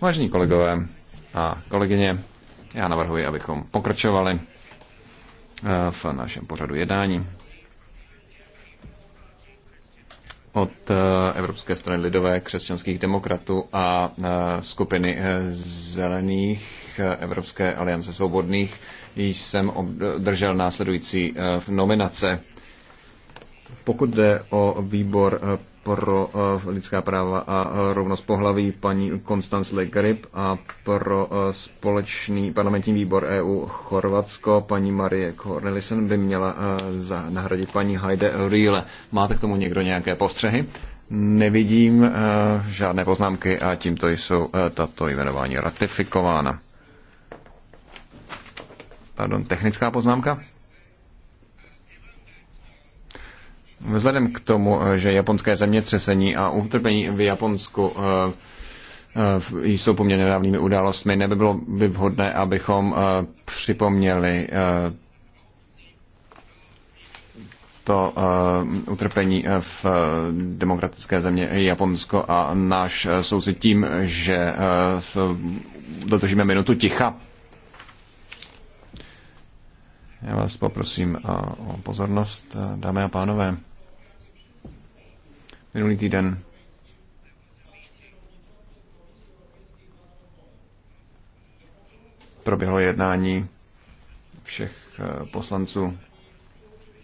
Vážení kolegové a kolegyně, já navrhuji, abychom pokračovali eh, v našem pořadu jednání. Od eh, Evropské strany lidové, křesťanských demokratů a eh, skupiny zelených Evropské aliance svobodných jsem obdržel následující nominace. Pokud jde o výbor eh, pro eh, lidská práva a eh, rovnost pohlaví paní Konstanc Le a pro společný parlamentní výbor EU Chorvatsko paní Marie Cornelissen by měla nahradit paní Heide Riele. Máte k tomu někdo nějaké postřehy? Nevidím žádné poznámky a tímto jsou tato jmenování ratifikována. Pardon, technická poznámka? Vzhledem k tomu, eh, že japonské zemětřesení a utrpení v Japonsku eh, eh, jsou poměrně nedávnými událostmi, nebylo by vhodné, abychom připomněli to utrpení v demokratické země Japonsko a náš soucit tím, že dodržíme minutu ticha. Já vás poprosím o pozornost, dámy a pánové minulý týden. Proběhlo jednání všech eh, poslanců